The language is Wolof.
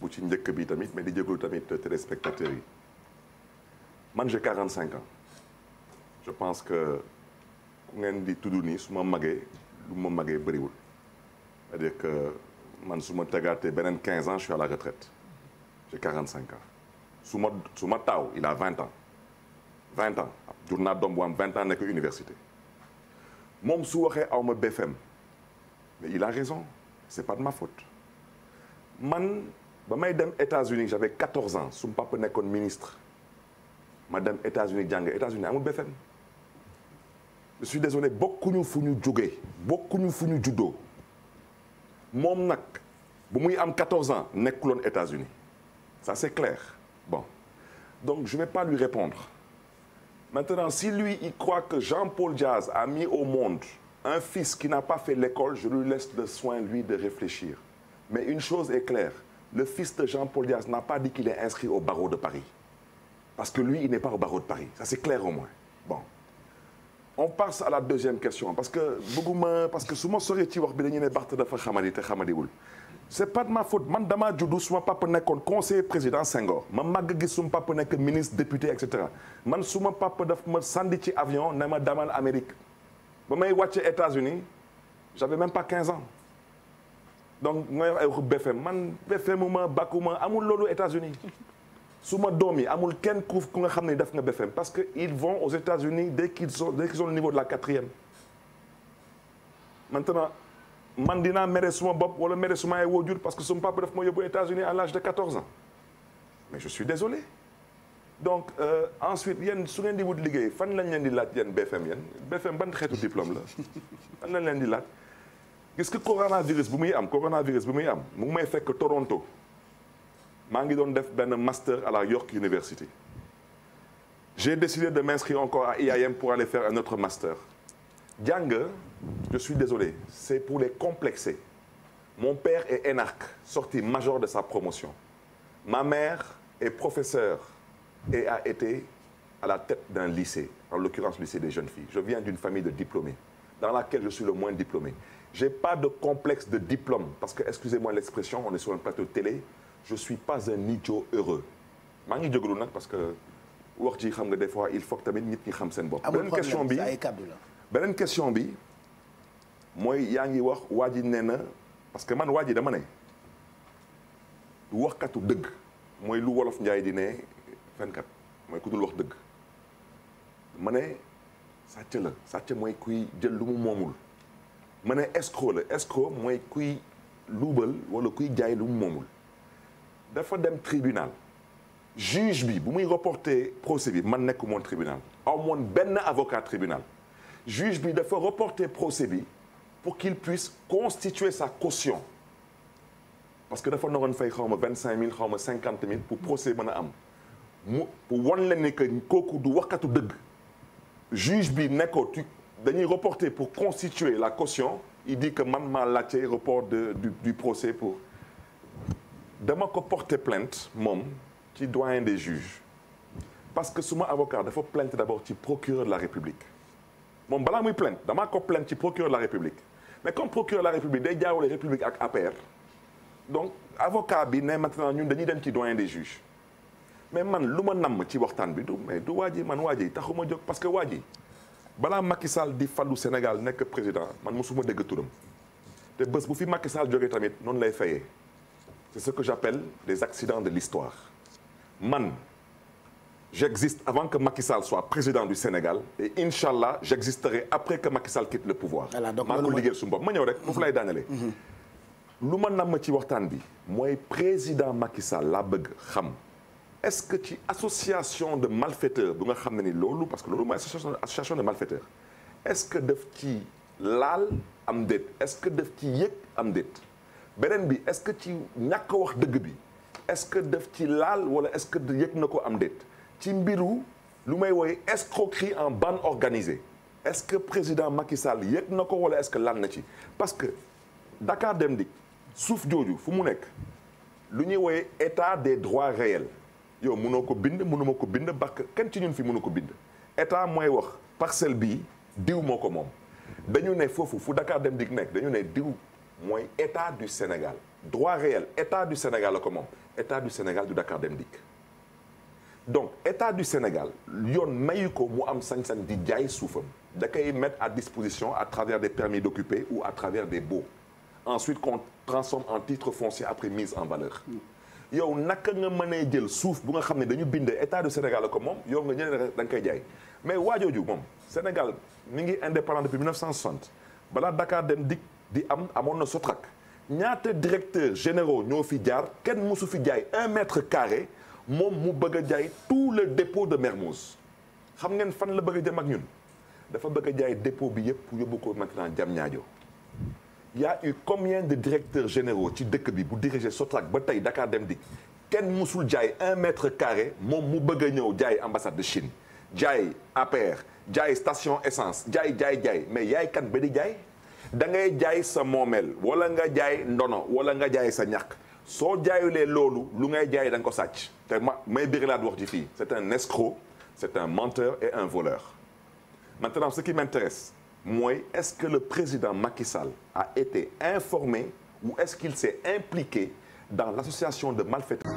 bu ci njëkk bi tamit mais di jégalu tamit téléspectateurs yi man je quarante cinq ans je pense que ku ngeen di tudd nii su ma magee lu ma magee bëriwul c'est-à-dire que man su ma tegaatee beneen quinze ans je suis à cinq su ma su ma taaw il a vingt ans vingt ans jur naa doom bu am vingt ans nekk université moom su waxee awma BFM mais il a raison c'est pas de ma faute man ba may dem États-Unis j'avais 14 ans su ma papa nekkoon ministre ma dem États-Unis jàng États-Unis amul BFM je suis désolé bokkuñu fu ñu jógee bokkuñu fu ñu juddoo moom nag bu muy am 14 ans nekkuloon États-Unis ça c'est clair bon donc je vais pas lui répondre maintenant si lui il croit que Jean-Paul Diaz a mis au monde un fils qui n'a pas fait l'école, je lui laisse le soin, lui, de réfléchir. Mais une chose est claire, le fils de Jean-Paul Diaz n'a pas dit qu'il est inscrit au barreau de Paris. Parce que lui, il n'est pas au barreau de Paris. Ça, c'est clair au moins. Bon. On passe à la deuxième question. Parce que, bëgguma parce que su ma soree ci wax bi dañu ne Barth dafa xamadi te xamadiwul. c' est pas de ma faute man damaa juddu suma papa nekkoon conseiller président Senghor ma màgg gis suma papa nekk ministre député et cetera man suma papa daf ma sandi ci avion ne ma damal Amérique. ba may wàcce États-Unis j'avais même pas 15 ans donc ngay wax ay waxu BFM man BFMuma bakkuma amul loolu États-Unis su ma doom yi amul kenn kou ku nga xam ne def nga BFM parce que ils von aux États-Unis dès qu'ils sont dès qu'ils sont au niveau de la quatrième maintenant man dinaa mere suma bopp wala mere suma ay waajur parce que suma papa daf ma yóbbu États-Unis à l'âge de 14 ans je suis désolé donc euh, ensuite yéen su ngeen di wut liggéey fan lañ leen di laaj yéen BFM yéen BFM ban xeetu diplôme la fan lañ leen di laaj gis que coronavirus bu muy am coronavirus bu muy am mu ngi may fekk Toronto maa ngi doon def benn master à la York University j'ai décidé de m'inscrire encore à IAM pour aller faire un autre master jàng je suis désolé c'est pour les complexés mon père est énarque sorti major de sa promotion ma mère est professeure et a été à la tête d'un lycée, en l'occurrence lycée des jeunes filles. Je viens d'une famille de diplômés, dans laquelle je suis le moins diplômé. Je n'ai pas de complexe de diplôme, parce que, excusez-moi l'expression, on est sur un plateau de télé, je ne suis pas un idiot heureux. maa ngi jégalu nag parce que wax ji xam nga des fois il faut tamit nit ñi xam seen bopp. beneen question bi beneen question bi mooy yaa ngi wax waa ji nee na parce que man waa ji dama ne waxkatu dëgg mooy lu wolof Njaay di ne fenkat mooy ku dul wax dëgg ma ne sàcc la sàcc mooy kuy jël lu mu moomul ma ne escroc la escroc mooy kuy luubal wala kuy jaay lu mu moomul dafa dem tribunal juge bi bu muy reporte procès bi man nekk moon tribunal aw moon benn avocat tribunal juge bi dafa reporter procès bi pour qu'il puisse constituer sa caution parce que dafa naroon fay xaw ma vingt cinq mille xaw ma cinquante mille pour procès mën a am mu wan la ni que kooku du waxkatu dëgg juge bi ne ko tu dañuy reporter pour constituer la caution i di que man maa laajte report de du, procès pour dama ko porter plainte moom ci doyen de juges parce que suma avocat dafa plainte d'abord ci procureur de la république moom balaa muy plainte damaa ko plainte ci procureur de la république mais comme procureur de la république day jaawale république ak APR donc avocat bi ne maintenant ñun dañuy dem ci doyen des juges mais man lu ma namm ci waxtaan bi du mais du waa ji man waa ji taxuma jóg parce que waa ji balaa Macky Sall di falu Sénégal nekk président man mosuma dégg turam te bés bu fi Macky Sall jógee tamit noonu lay fayee c'est ce que j'appelle des accidents de l'histoire man j'existe avant que Macky Sall soit président du Sénégal et inchallah j'existerai après que Macky Sall quitte le pouvoir maa ko liggéeyal suñu bopp ma ñëw rek foofu lay daanalee mhm. lu ma namm ci waxtaan bi mooy président Macky Sall laa bëgg xam est-ce que ci association de malfaiteurs bu nga xam ne ni loolu parce que loolu mooy association de malfaiteurs est-ce que def ci laal am déet est-ce que def ci yëg am déet beneen bi est-ce que ci ñàkk wax dëgg bi est-ce que def ci laal wala est-ce que yëg na ko am déet ci mbiru lu may wooye escroquerie en bande organisée est-ce que président Macky Sall yëg na ko wala est-ce que lan na ci parce que Dakar Dem Dikk suuf jooju fu mu nekk lu ñuy wooye état des droits réels yow mënoo ko bind mënuma ko bind bakk kenn ci ñun fi mënu ko bind état mooy wax parcelle bii diw moo ko moom dañu ne foofu fu Dakar dem dik nekk dañu ne diw mooy état du Sénégal droit réel état du Sénégal la ko moom état du Sénégal du Dakar dem dik donc état du Sénégal yoon mayu ko mu am sañ-sañ di jaay suufam da koy mettre à disposition à travers des permis d'occuper ou a travers des baux ensuite qu'on transforme en titre foncier après mise en valeur yow naka nga mënee jël suuf bu nga xam ne dañu bind état du Sénégal ko moom yow nga ñeneen da nga koy jaay mais waajooju moom Sénégal mi ngi indépendant depuis 1960 balaa dakaar dem dik di am amoon na Sotrac ñaata directeurs généraux ñoo fi jaar kenn mosu fi jaay un mètre carré moom mu bëgg a jaay tout le dépôt de Mermoz xam ngeen fan la bëgg a jëm ak ñun dafa bëgg a jaay dépôt bi yëpp yóbbu ko maintenant ñaajo y a eu combien de directeurs généraux ci dëkk bi bu diriger Sotrac ba tey Dakar Dem Dikk kenn musul jaay un mètre carré moom mu bëgg a ñëw jaay ambassade de Chine jaay APR jaay station essence jaay jaay jaay mais yaay kan ba di jaay da ngay jaay sa moomeel wala nga jaay ndono wala nga jaay sa ñaq soo jaayulee loolu lu ngay jaay da nga ko sàcc te ma may birilaat wax ji fii c'est un escroc c'est un menteur et un voleur maintenant ce qui m'intéresse mooy est-ce que le président Macky Sall a été informé ou est-ce qu'il s'est impliqué dans l'association de malfaiteurs